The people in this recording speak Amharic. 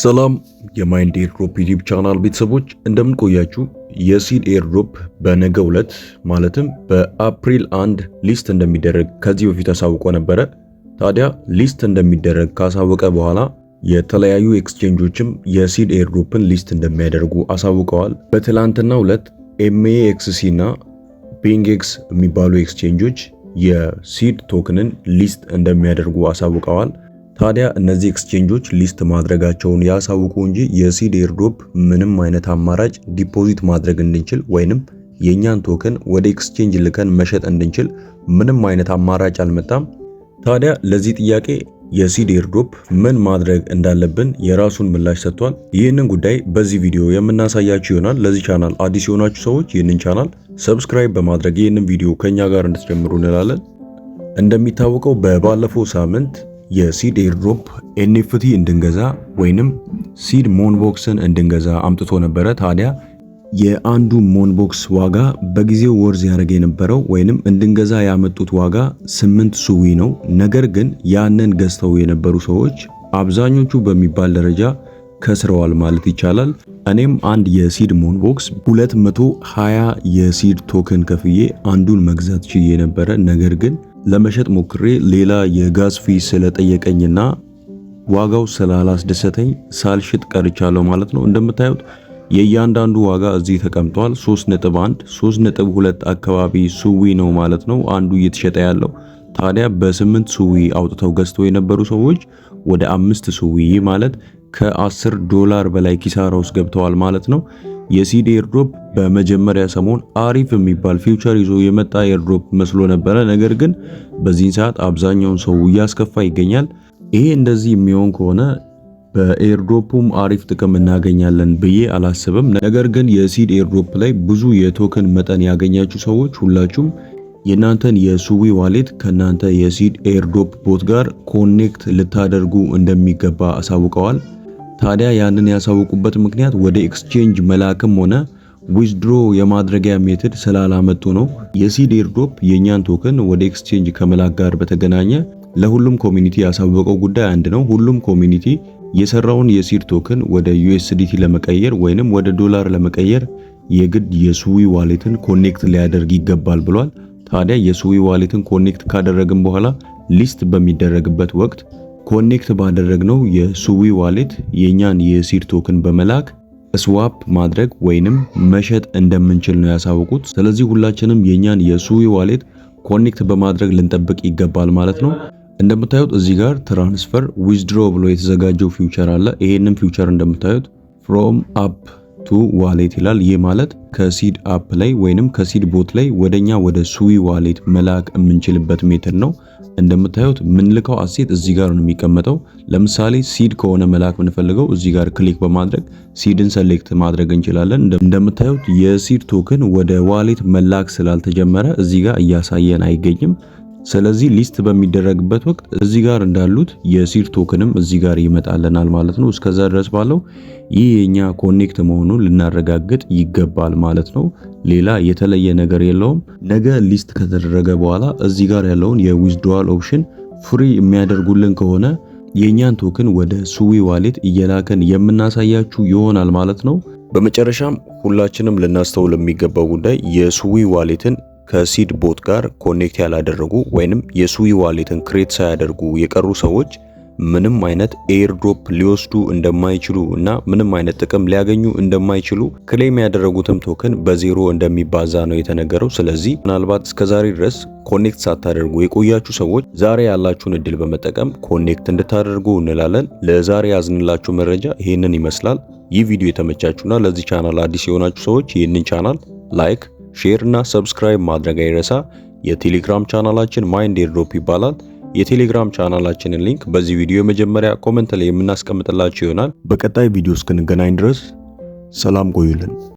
ሰላም የማይንድ ኤርድሮፕ ዩቲዩብ ቻናል ቤተሰቦች እንደምንቆያችሁ። የሲድ ኤርድሮፕ በነገ ዕለት ማለትም በአፕሪል አንድ ሊስት እንደሚደረግ ከዚህ በፊት አሳውቆ ነበረ። ታዲያ ሊስት እንደሚደረግ ካሳወቀ በኋላ የተለያዩ ኤክስቼንጆችም የሲድ ኤርድሮፕን ሊስት እንደሚያደርጉ አሳውቀዋል። በትላንትና ዕለት ኤምኤ ኤክስሲ እና ቢንግ ኤክስ የሚባሉ ኤክስቼንጆች የሲድ ቶክንን ሊስት እንደሚያደርጉ አሳውቀዋል። ታዲያ እነዚህ ኤክስቼንጆች ሊስት ማድረጋቸውን ያሳውቁ እንጂ የሲድ ኤርድሮፕ ምንም አይነት አማራጭ ዲፖዚት ማድረግ እንድንችል ወይንም የእኛን ቶከን ወደ ኤክስቼንጅ ልከን መሸጥ እንድንችል ምንም አይነት አማራጭ አልመጣም። ታዲያ ለዚህ ጥያቄ የሲድ ኤርድሮፕ ምን ማድረግ እንዳለብን የራሱን ምላሽ ሰጥቷል። ይህንን ጉዳይ በዚህ ቪዲዮ የምናሳያችሁ ይሆናል። ለዚህ ቻናል አዲስ የሆናችሁ ሰዎች ይህንን ቻናል ሰብስክራይብ በማድረግ ይህንን ቪዲዮ ከኛ ጋር እንድትጀምሩ እንላለን። እንደሚታወቀው በባለፈው ሳምንት የሲድ ኤርድሮፕ ኤንኤፍቲ እንድንገዛ ወይንም ሲድ ሞንቦክስን እንድንገዛ አምጥቶ ነበረ። ታዲያ የአንዱ ሞንቦክስ ዋጋ በጊዜው ወርዝ ያደረገ የነበረው ወይንም እንድንገዛ ያመጡት ዋጋ ስምንት ሱዊ ነው። ነገር ግን ያንን ገዝተው የነበሩ ሰዎች አብዛኞቹ በሚባል ደረጃ ከስረዋል ማለት ይቻላል። እኔም አንድ የሲድ ሞንቦክስ 220 የሲድ ቶክን ከፍዬ አንዱን መግዛት ችዬ ነበረ። ነገር ግን ለመሸጥ ሞክሬ ሌላ የጋዝ ፊ ስለጠየቀኝና ዋጋው ስላላስደሰተኝ ሳልሽጥ ቀርቻለሁ ማለት ነው። እንደምታዩት የእያንዳንዱ ዋጋ እዚህ ተቀምጧል። 3.1 3.2 አካባቢ ሱዊ ነው ማለት ነው አንዱ እየተሸጠ ያለው ታዲያ በስምንት ሱዊ አውጥተው ገዝተው የነበሩ ሰዎች ወደ አምስት ሱዊ ማለት ከ10 ዶላር በላይ ኪሳራ ውስጥ ገብተዋል ማለት ነው። የሲዲ ኤርድሮፕ በመጀመሪያ ሰሞን አሪፍ የሚባል ፊውቸር ይዞ የመጣ ኤርድሮፕ መስሎ ነበረ። ነገር ግን በዚህን ሰዓት አብዛኛውን ሰው እያስከፋ ይገኛል። ይሄ እንደዚህ የሚሆን ከሆነ በኤርድሮፑም አሪፍ ጥቅም እናገኛለን ብዬ አላስብም። ነገር ግን የሲድ ኤርድሮፕ ላይ ብዙ የቶክን መጠን ያገኛችሁ ሰዎች ሁላችሁም የእናንተን የሱዊ ዋሌት ከእናንተ የሲድ ኤርድሮፕ ቦት ጋር ኮኔክት ልታደርጉ እንደሚገባ አሳውቀዋል። ታዲያ ያንን ያሳውቁበት ምክንያት ወደ ኤክስቼንጅ መላክም ሆነ ዊዝድሮ የማድረጊያ ሜትድ ስላላመጡ ነው። የሲድ ኤርድሮፕ የእኛን ቶክን ወደ ኤክስቼንጅ ከመላክ ጋር በተገናኘ ለሁሉም ኮሚኒቲ ያሳወቀው ጉዳይ አንድ ነው። ሁሉም ኮሚኒቲ የሰራውን የሲድ ቶክን ወደ ዩኤስዲቲ ለመቀየር ወይንም ወደ ዶላር ለመቀየር የግድ የሱዊ ዋሌትን ኮኔክት ሊያደርግ ይገባል ብሏል። ታዲያ የሱዊ ዋሌትን ኮኔክት ካደረግን በኋላ ሊስት በሚደረግበት ወቅት ኮኔክት ባደረግነው የሱዊ ዋሌት የኛን የሲድ ቶክን በመላክ ስዋፕ ማድረግ ወይንም መሸጥ እንደምንችል ነው ያሳወቁት። ስለዚህ ሁላችንም የኛን የሱዊ ዋሌት ኮኔክት በማድረግ ልንጠብቅ ይገባል ማለት ነው። እንደምታዩት እዚህ ጋር ትራንስፈር ዊዝድሮ ብሎ የተዘጋጀው ፊውቸር አለ። ይሄንም ፊውቸር እንደምታዩት ፍሮም አፕ ቱ ዋሌት ይላል። ይህ ማለት ከሲድ አፕ ላይ ወይንም ከሲድ ቦት ላይ ወደኛ ወደ ሱዊ ዋሌት መላክ የምንችልበት ሜትር ነው። እንደምታዩት ምንልከው አሴት እዚህ ጋር ነው የሚቀመጠው። ለምሳሌ ሲድ ከሆነ መላክ ምንፈልገው እዚህ ጋር ክሊክ በማድረግ ሲድን ሰሌክት ማድረግ እንችላለን። እንደምታዩት የሲድ ቶክን ወደ ዋሌት መላክ ስላልተጀመረ እዚህ ጋር እያሳየን አይገኝም። ስለዚህ ሊስት በሚደረግበት ወቅት እዚህ ጋር እንዳሉት የሲር ቶክንም እዚህ ጋር ይመጣልናል ማለት ነው። እስከዛ ድረስ ባለው ይህ የኛ ኮኔክት መሆኑን ልናረጋግጥ ይገባል ማለት ነው። ሌላ የተለየ ነገር የለውም። ነገ ሊስት ከተደረገ በኋላ እዚህ ጋር ያለውን የዊዝድሮዋል ኦፕሽን ፍሪ የሚያደርጉልን ከሆነ የእኛን ቶክን ወደ ሱዊ ዋሌት እየላከን የምናሳያችሁ ይሆናል ማለት ነው። በመጨረሻም ሁላችንም ልናስተውል የሚገባው ጉዳይ የሱዊ ዋሌትን ከሲድ ቦት ጋር ኮኔክት ያላደረጉ ወይንም የሱዊ ዋሌትን ክሬት ሳያደርጉ የቀሩ ሰዎች ምንም አይነት ኤርድሮፕ ሊወስዱ እንደማይችሉ እና ምንም አይነት ጥቅም ሊያገኙ እንደማይችሉ ክሌም ያደረጉትም ቶክን በዜሮ እንደሚባዛ ነው የተነገረው። ስለዚህ ምናልባት እስከዛሬ ድረስ ኮኔክት ሳታደርጉ የቆያችሁ ሰዎች ዛሬ ያላችሁን እድል በመጠቀም ኮኔክት እንድታደርጉ እንላለን። ለዛሬ ያዝንላችሁ መረጃ ይህንን ይመስላል። ይህ ቪዲዮ የተመቻችሁና ለዚህ ቻናል አዲስ የሆናችሁ ሰዎች ይህንን ቻናል ላይክ ሼር እና ሰብስክራይብ ማድረግ አይረሳ። የቴሌግራም ቻናላችን ማይንድ ኤርዶፕ ይባላል። የቴሌግራም ቻናላችንን ሊንክ በዚህ ቪዲዮ የመጀመሪያ ኮመንት ላይ የምናስቀምጥላችሁ ይሆናል። በቀጣይ ቪዲዮ እስክንገናኝ ድረስ ሰላም ቆዩልን።